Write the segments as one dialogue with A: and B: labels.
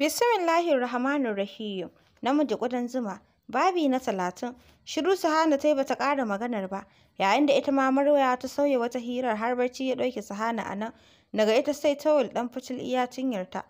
A: Bismillahir Rahmanir Rahim. Namiji ƙudan zuma. Babi na talatin. Shiru Sahana ta yi bata ƙara maganar ba, yayin da ita ma Marwaya ta sauya wata hirar har barci ya ɗauke Sahana a nan. Daga ita sai tawul ɗan fitil iya cinyarta.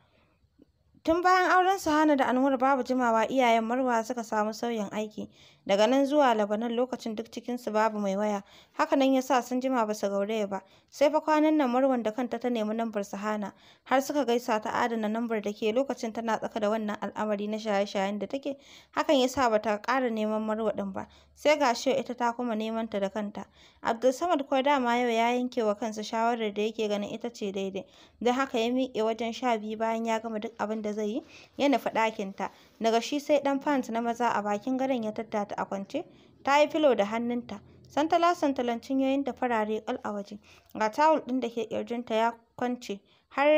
A: Tun bayan auren Sahana da Anwar babu jimawa iyayen Marwa suka samu sauyin aiki. Daga nan zuwa Labanan lokacin duk cikinsu babu mai waya. Haka nan ya sa sun jima ba su gauraya ba. Sai fa kwanan nan Marwan da kanta ta nemi lambar hana Har suka gaisa ta adana lambar da ke lokacin tana tsaka da wannan al'amari na shaye-shayen da take. Hakan ya sa ba ta ƙara neman Marwa ɗin ba. Sai ga shi ita ta kuma neman ta da kanta. Abdulsamad ko dama yau ya yanke wa kansa shawarar da yake ganin ita ce daidai. Don haka ya miƙe wajen sha biyu bayan ya gama duk abin da zai yi ya nufi ɗakinta. daga shi sai ɗan pant na maza a bakin gadon ya tattata a kwance ta yi filo da hannunta santala santalan cinyoyin da farare kal a waje ga tawul ɗin da ke ƙirjinta ya kwance har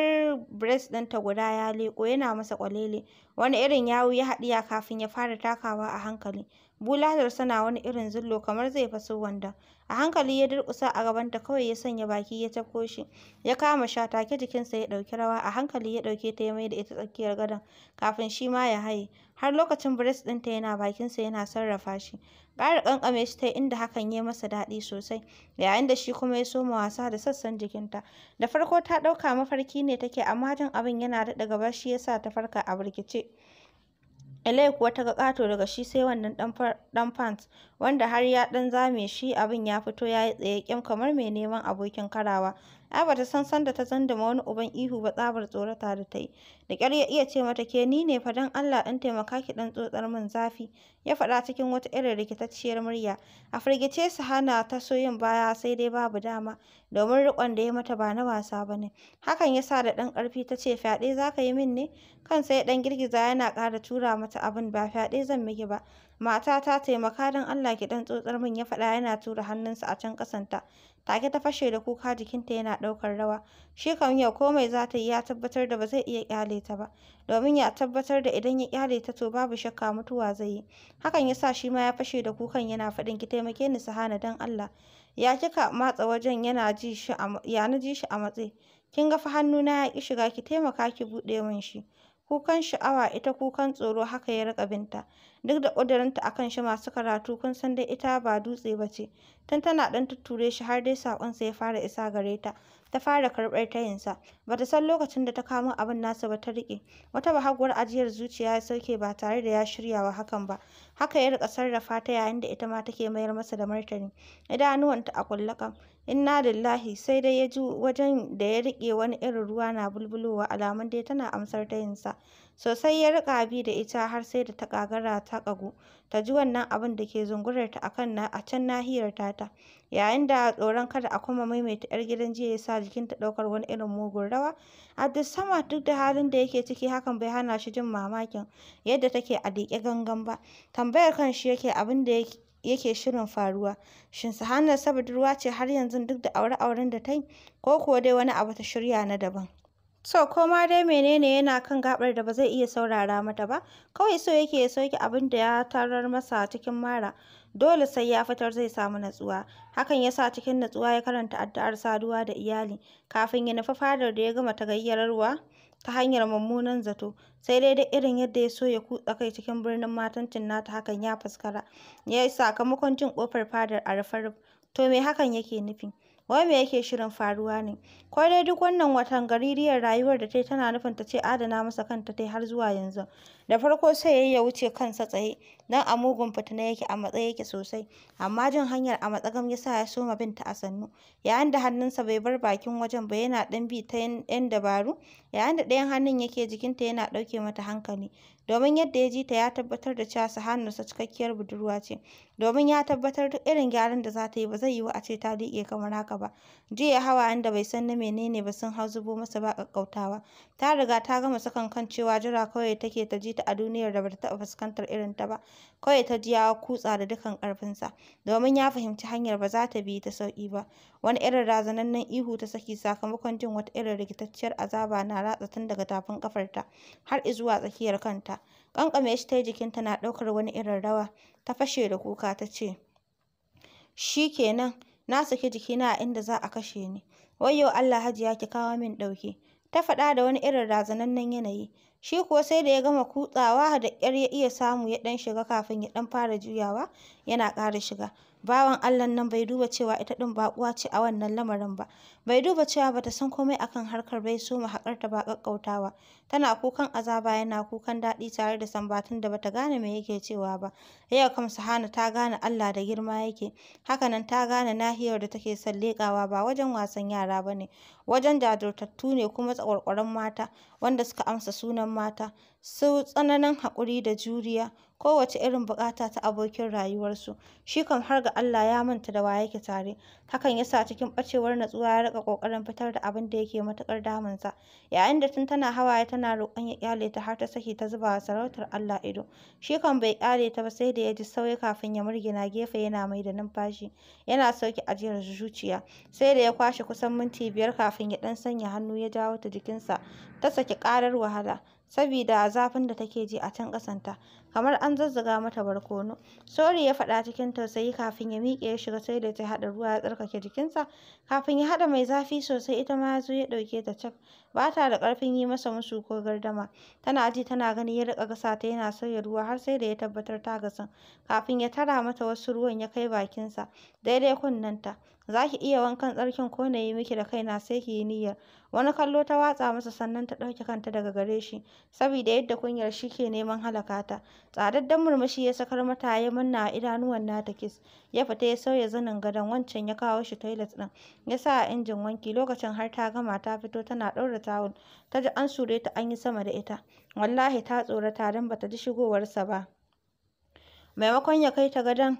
A: breast ɗinta guda ya leko, yana masa ƙwalele wani irin yawu ya haɗiya kafin ya fara takawa a hankali bulalarsa na wani irin zullo kamar zai faso wanda a hankali ya durƙusa a gabanta kawai ya sanya baki ya tafko shi ya kama sha take jikinsa ya ɗauki rawa a hankali ya ɗauke ta ya mai da ita tsakiyar gadon kafin shi ma ya haye har lokacin bres ɗinta yana bakinsa yana sarrafa shi ƙara ƙanƙame shi ta inda hakan ya masa daɗi sosai yayin da shi kuma ya soma wasa da sassan jikinta da farko ta ɗauka mafarki ne take amma jin abin yana daɗa gaba shi yasa ta farka a birkice Ele kuwa ta ga ƙato daga shi sai wannan ɗan pant wanda har ya ɗan zame shi abin ya fito ya yi tsaye kyam kamar mai neman abokin karawa ai ta san sanda ta zandama wani uban ihu ba tsabar tsorata da ta yi da ƙyar ya iya ce mata ke ni ne fa don Allah ɗan taimaka ki ɗan tsotsar min zafi ya faɗa cikin wata irin rikitacciyar murya a firgice su hana ta so yin baya sai dai babu dama domin riƙon da ya mata ba na wasa ba ne hakan ya sa da ɗan ƙarfi ta ce fyaɗe za ka yi min ne kan sai ɗan girgiza yana ƙara tura mata abin ba fyaɗe zan miki ba mata ta taimaka don Allah ki ɗan tsotsar min ya faɗa yana tura hannunsa a can ƙasanta take ta fashe da kuka jikinta yana ɗaukar rawa. Shi kam yau komai za ta yi ya tabbatar da ba zai iya ƙyale ta ba, domin ya tabbatar da idan ya ƙyale ta to babu shakka mutuwa zai yi. Hakan ya sa shi ma ya fashe da kukan yana faɗin ki taimake ni Sahana don Allah. Ya kika matsa wajen yana ji shi a ya na ji shi a matse. Kin ga fa hannuna ya ƙi shiga ki taimaka ki buɗe mun shi. Kukan sha'awa ita kukan tsoro haka ya riƙa binta. duk da ƙudurinta a kan shi masu karatu kun san dai ita ba dutse ba ce tun tana ɗan tutture shi har dai saƙonsa ya fara isa gare ta ta fara karɓar tayinsa ba ta san lokacin da ta kamo abin nasa ba ta riƙe wata bahaguwar ajiyar zuciya ya sauke ba tare da ya shirya wa hakan ba haka ya riƙa sarrafa ta yayin da ita ma take mayar masa da martani idanuwanta a kulle inna lillahi sai dai ya ji wajen da ya riƙe wani irin ruwa na bulbulowa alamun dai tana amsar tayinsa Sosai ya rika bi da ita har sai da ta kagara ta ƙagu ta ji wannan abin da ke zungurarta a can nahiyar tata, yayin da tsoron kada a kuma maimaita 'yar gidan jiya ya sa jikinta ɗaukar wani irin mugun rawa. sama duk da halin da yake ciki hakan bai hana shi jin mamakin yadda take a liƙe gangan ba, tambayar kan shi yake abin da yake shirin faruwa, shin Sahannat sa budurwa ce har yanzu duk da aure-auren da ta yi, ko kuwa dai wani abu ta shirya na daban. So, koma dai menene yana kan gaɓar da ba zai iya saurara mata ba, kawai so yake ya soke abin da ya tarar masa cikin mara. Dole sai ya fitar zai samu natsuwa. Hakan ya sa cikin natsuwa ya karanta addu'ar saduwa da iyali, kafin ya nufi fadar da ya gama ta tagayyararwa ta hanyar mummunan zato. Sai dai duk irin yadda ya so ya kutsa kai cikin birnin matancin nata hakan ya fuskara. Ya yi sakamakon jin ƙofar fadar a rufe To me hakan yake nufi? wai me yake shirin faruwa ne? Ko dai duk wannan watan-gaririyar rayuwar da ta yi tana nufin ta ce adana masa kanta ta har zuwa yanzu. da farko sai ya ya wuce kansa tsaye don a mugun fitina yake a matsayi yake sosai amma jin hanyar a matsagam ya sa ya soma binta a sannu yayin da hannunsa bai bar bakin wajen ba yana ɗan bi ta yan dabaru yayin da ɗayan hannun yake jikinta yana ɗauke mata hankali domin yadda ya ji ta ya tabbatar da cewa sahanarsa cikakkiyar budurwa ce domin ya tabbatar duk irin gyaran da za ta yi ba zai yiwu a ce ta liƙe kamar haka ba jiya hawa da bai san na menene ba sun hau zubo masa ba ƙaƙƙautawa ta riga ta gama sakan kan cewa jira kawai take ta ji ta a duniyar da bata taɓa fuskantar irin ta ba. Kawai ta ji ya kutsa da dukan ƙarfinsa, domin ya fahimci hanyar ba za ta bi ta sauƙi ba. Wani irin razanannen ihu ta saki sakamakon jin wata irin rikitacciyar azaba na ratsa tun daga tafin ƙafarta har izuwa tsakiyar kanta. Ƙanƙame shi ta yi jikinta na ɗaukar wani irin rawa, ta fashe da kuka ta ce, shi kenan, na saki jikina a inda za a kashe ni. Wayyo Allah Hajiya ki kawo min ɗauki. ta faɗa da wani irin razanannen yanayi. Shi kuwa sai da ya gama kutsawa da ƙyar ya iya samu ya ɗan shiga kafin ya ɗan fara juyawa yana ƙara shiga. bawan Allah nan bai duba cewa ita ɗin baƙuwa ce a wannan lamarin ba, bai duba cewa bata san komai akan harkar bai so haƙarta ba ƙaƙƙautawa, tana kukan azaba yana kukan daɗi tare da sambatun da bata gane me yake cewa ba, yau kam Sahana ta gane Allah da girma yake, Haka nan ta gane nahiyar da take son leƙawa ba wajen wasan yara ba ne, wajen jajirtattu ne kuma tsakwarkwaran mata wanda suka amsa sunan mata, su tsananin haƙuri da juriya. kowace irin bukata ta abokin rayuwarsu. Shi kam har ga Allah ya manta da waye yake tare. Hakan yasa cikin bacewar natsuwa ya rika ƙoƙarin fitar da abin da yake matuƙar damunsa. Yayin da tun tana hawaye tana roƙon ya ƙyale ta har ta saki ta zuba sarautar Allah ido. Shi kam bai ƙyale ta ba sai da ya ji sauyi kafin ya murgina gefe yana mai da numfashi. Yana sauke ajiyar zuciya. Sai da ya kwashe kusan minti biyar kafin ya dan sanya hannu ya jawo ta jikinsa. Ta saki ƙarar wahala. sabida zafin da take ji a can ƙasanta kamar an zazzaga mata barkono. Sori ya faɗa cikin tausayi kafin ya miƙe ya shiga sai da ta haɗa ruwa ya tsarkake jikinsa. Kafin ya haɗa mai zafi sosai ita ma ya zo ya ɗauke ta cak. Ba ta da ƙarfin yi masa musu ko gardama. Tana ji tana gani ya riƙa gasa ta yana sauya ruwa har sai da ya tabbatar ta gasan. Kafin ya tara mata wasu ruwan ya kai bakinsa daidai kunnenta. za ki iya wankan tsarkin ko na yi miki da kaina sai ki yi niyyar. Wani kallo ta watsa masa sannan ta ɗauki kanta daga gare shi, saboda yadda kunyar shi ke neman halaka ta. Tsadaddan murmushi ya sakar mata ya manna a idanuwan nata kis. Ya fita ya sauya zanin gadon wancan ya kawo shi toilet ɗin. Ya sa a injin wanki lokacin har ta gama ta fito tana ɗaura tawul. Ta ji an sure ta an yi sama da ita. Wallahi ta tsorata don bata ji shigowarsa ba. Maimakon ya kai ta gadon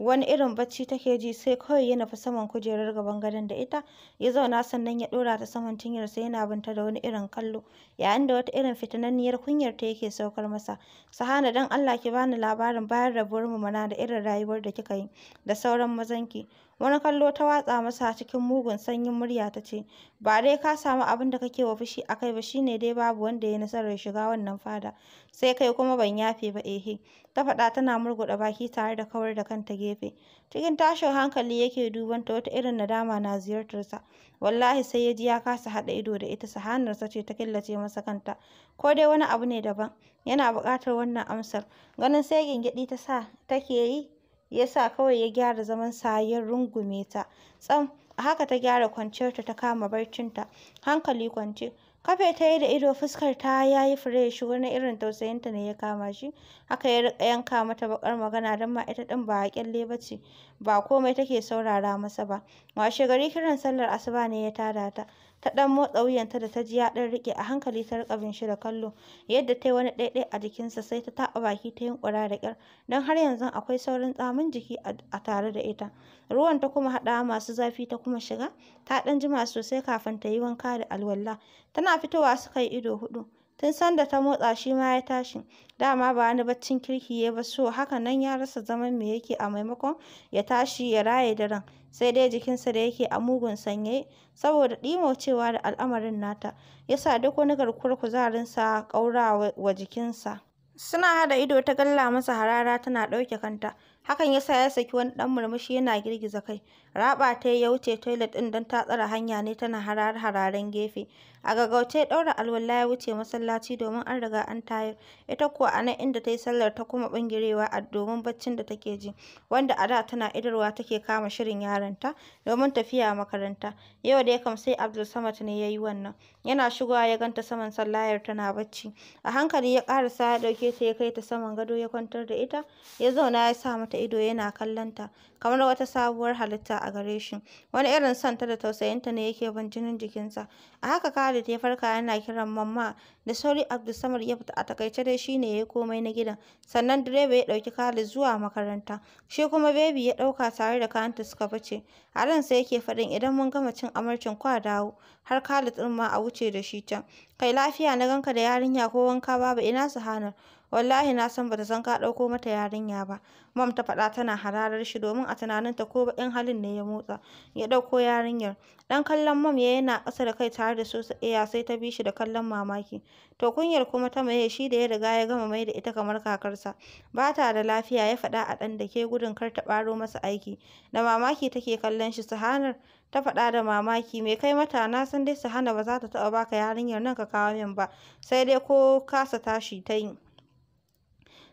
A: wani irin bacci take ji sai kawai ya nufi saman kujerar gaban gadon da ita ya zauna sannan ya ɗora ta saman sai yana binta da wani irin kallo yayin da wata irin fitinanniyar kunyar ta yake saukar masa sahana dan Allah ki bani labarin bayan rabuwar mu mana da irin rayuwar da kika yi da sauran mazanki Wani kallo ta watsa masa cikin mugun sanyin murya ta ce, Ba dai ka samu abin da kake wa fushi a kai ba shi ne dai babu wanda ya nasarar shiga wannan fada, sai kai kuma ban yafe ba ehe. Ta faɗa tana murguɗa baki tare da kawar da kanta gefe. Cikin tashin hankali yake duban ta wata irin nadama na ziyartar sa. Wallahi sai ya ji ya kasa haɗa ido da ita sahanarsa ce ta killace masa kanta. Ko dai wani abu ne daban. Yana buƙatar wannan amsar. Ganin sai gingiɗi ta sa take yi ya sa kawai ya gyara zaman sa rungume ta tsam haka ta gyara kwanciyarta ta kama barcin ta hankali kwance kafe ta yi da ido fuskar ta ya yi fresh wani irin tausayin ta ne ya kama shi haka ya rika yanka mata bakar magana don ma ita din ba kyalle ba ce ba komai take saurara masa ba washe gari kiran sallar asuba ne ya tada ta ta ɗan motsa wuyanta da ta ji ya ɗan riƙe a hankali ta riƙa bin shi da kallo yadda ta yi wani ɗaiɗai a jikinsa sai ta taɓa baki ta yunƙura da kyar. don har yanzu akwai saurin tsamin jiki a tare da ita ruwan ta kuma haɗawa masu zafi ta kuma shiga ta ɗan jima sosai kafin ta yi wanka da alwala tana fitowa suka yi ido huɗu Tun sanda ta motsa shi ma ya tashi, dama ba wani baccin kirki ya ba so haka nan ya rasa zaman me yake a maimakon ya tashi ya raye daren, sai dai jikinsa da yake a mugun sanye saboda ɗimaucewa da al'amarin nata, ya sa duk wani garkuwar kuzarinsa ƙaura wa jikinsa. Suna hada ido ta galla masa harara tana ɗauke kanta. Hakan ya sa ya saki wani dan murmushi yana girgiza kai. Raɓa ta ya wuce toilet ɗin don ta tsare hanya ne tana harar-hararen gefe. A gaggauce ɗaura alwala ya wuce masallaci domin an riga an tayar. Ita kuwa a nan inda ta yi sallar ta kuma ɓangarewa a domin baccin da take ji, wanda a da tana idarwa take kama shirin yaranta, domin tafiya makaranta. Yau dai kam sai Abdul Abdulsamad ne ya yi wannan. Yana shigowa ya ganta saman sallayar tana bacci. A hankali ya karasa ya ɗauke ta ya kai ta saman gado ya kwantar da ita, ya zauna ya sa mata ido yana kallon kamar wata sabuwar halitta a gare shi. Wani irin santa da tausayinta ne yake ban jinin jikinsa. A haka ka Khalid ya farka yana kiran mamma da sauri abdulsamar ya fita a takaice dai shine yayi komai na gidan sannan direba ya ɗauki Khalid zuwa makaranta shi kuma baby ya ɗauka tare da kayanta suka fice a ran sai yake faɗin idan mun gama cin amarcin kwa dawo har Khalid ɗin ma a wuce da shi can kai lafiya na ganka da yarinya ko wanka babu ina su hanar wallahi na san bata san ka ɗauko mata yarinya ba mam ta faɗa tana hararar shi domin a tunaninta ko baƙin halin ne ya motsa ya ɗauko yarinyar ɗan kallon mam ya yana ƙasa da kai tare da su iya sai ta bi shi da kallon mamaki to kunyar kuma ta maye shi da ya riga ya gama mai da ita kamar kakarsa ba ta da lafiya ya faɗa a ɗan da ke gudun kar ta ɓaro masa aiki da mamaki take kallon shi sahanar ta faɗa da mamaki mai kai mata na san dai sahana ba za ta taɓa baka yarinyar nan ka kawo min ba sai dai ko kasa tashi ta yi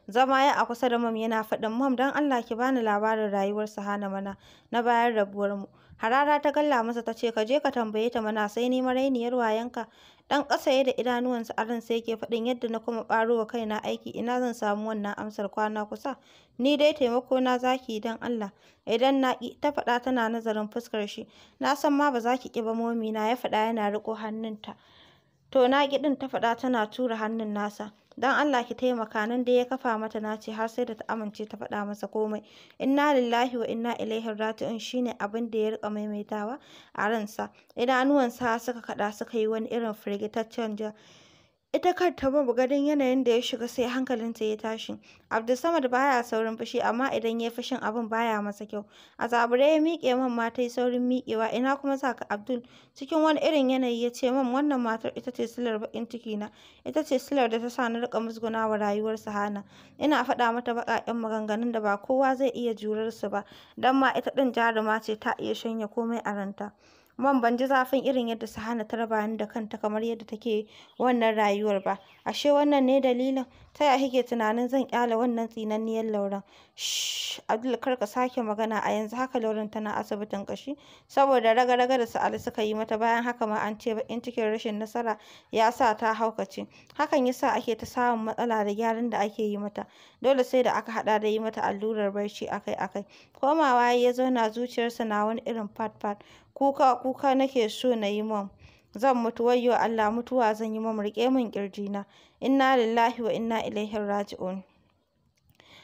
A: Zama ya a kusa da mam yana faɗin mam don Allah ki bani labarin rayuwar Hana mana na bayan mu. Harara ta galla masa ta ce ka je ka tambaye ta mana sai ni marainiyar wayanka. Dan ƙasa ya da idanuwansa aran sai yake faɗin yadda na kuma ɓaro wa kaina aiki ina zan samu wannan amsar kwana kusa. Ni dai taimako na zaki don Allah. Idan na ƙi ta faɗa tana nazarin fuskar shi. Na san ma ba za ki ƙi ba momi ya faɗa yana riƙo hannunta. To na ƙi ɗin ta faɗa tana tura hannun nasa. don Allah ki taimaka nan dai ya kafa mata na ce har sai da ta amince ta faɗa masa komai inna lillahi wa inna ilaihi raji'un shine abin da ya rika maimaitawa a ransa idanuwansa suka kada suka yi wani irin firgitaccen ja ita ta babu gadon yanayin da ya shiga sai hankalinta ya tashi. Abdulsamad baya saurin fushi amma idan ya fushin abin baya masa kyau. A zabure ya miƙe man ma ta yi saurin miƙewa ina kuma za ka Abdul cikin wani irin yanayi ya ce man wannan matar ita ce silar baƙin ciki na ita ce silar da ta sa ni riƙa musguna wa rayuwar hana Ina faɗa mata baƙaƙen maganganun da ba kowa zai iya jurar su ba don ma ita ɗin jaruma ce ta iya shanya komai a ranta. man ban ji zafin irin yadda Sahana ta raba ni da kanta kamar yadda take wannan rayuwar ba ashe wannan ne dalilin ta ya kike tunanin zan kyale wannan tsinanniyar lauren shh abdul karka ka sake magana a yanzu haka lauren tana asibitin kashi saboda raga-raga da sa'ali suka yi mata bayan haka ma an ce bakin cikin rashin nasara ya sa ta haukace hakan yasa ake ta samun matsala da gyaran da ake yi mata dole sai da aka hada da yi mata allurar barci akai-akai komawa ya zauna zuciyarsa na wani irin fat-fat kuka kuka nake so na yi mom zan mutu wayyo Allah mutuwa zan yi mamurƙe min na? inna lillahi wa inna ilaihi raji'un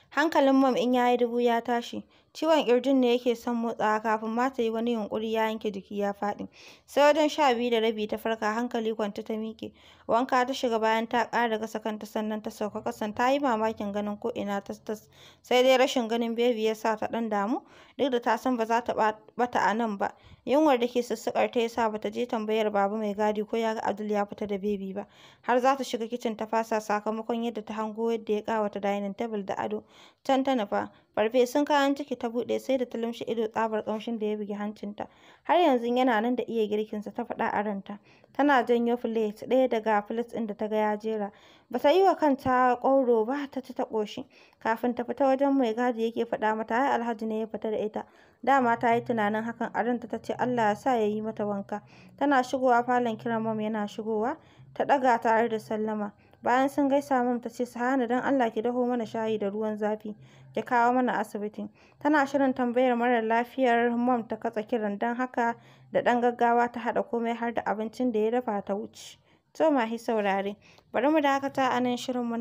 A: hankalin mam in yayi dubu ya tashi Ciwon ƙirjin ne yake son motsawa kafin ma ta yi wani yunƙuri ya yanke jiki ya faɗi. Sai wajen sha biyu da rabi ta farka hankali kwanta ta miƙe. Wanka ta shiga bayan ta ƙara gasa kanta sannan ta sauka ƙasan ta yi mamakin ganin ko ina tas-tas. Sai dai rashin ganin bebi ya sa ta ɗan damu duk da ta san ba za ta ɓata a nan ba. Yunwar da ke sussukar ta ya sa ba ta je tambayar baba mai gadi ko ya ga Abdul ya fita da bebi ba. Har za ta shiga kicin ta fasa sakamakon yadda ta hango yadda ya ƙawata dining table da ado. Can ta nufa farfesun kayan ciki ta buɗe sai da ta lumshi ido tsabar kamshin da ya bugi hancinta har yanzu yana nan da iya girkinsa ta faɗa a ranta tana janyo filet ɗaya daga filet ɗin da ta ga ya jera ba ta yi wa kanta ƙwauro ba ta ci ta ƙoshi kafin ta fita wajen mai gadi yake faɗa mata ai alhaji ne ya fita da ita dama ta yi tunanin hakan a ranta ta ce allah ya sa ya yi mata wanka tana shigowa falon kiran mam yana shigowa ta ɗaga tare da sallama Bayan sun gaisa Mam ta ce, Sahana don Allah ki daho mana shayi da ruwan zafi, ki kawo mana asibiti. Tana shirin tambayar marar lafiyar Mam ta katsa kiran don haka da ɗan gaggawa ta haɗa komai har da abincin da ya dafa ta wuce. To ma hi saurare, bari mu dakata a nan mu